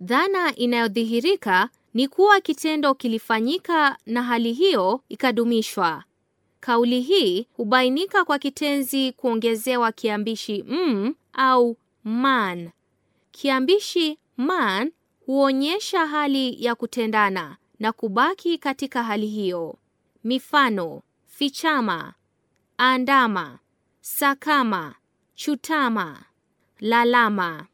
Dhana inayodhihirika ni kuwa kitendo kilifanyika na hali hiyo ikadumishwa. Kauli hii hubainika kwa kitenzi kuongezewa kiambishi m mm au man. Kiambishi man huonyesha hali ya kutendana na kubaki katika hali hiyo. Mifano: fichama, andama, sakama, chutama, lalama.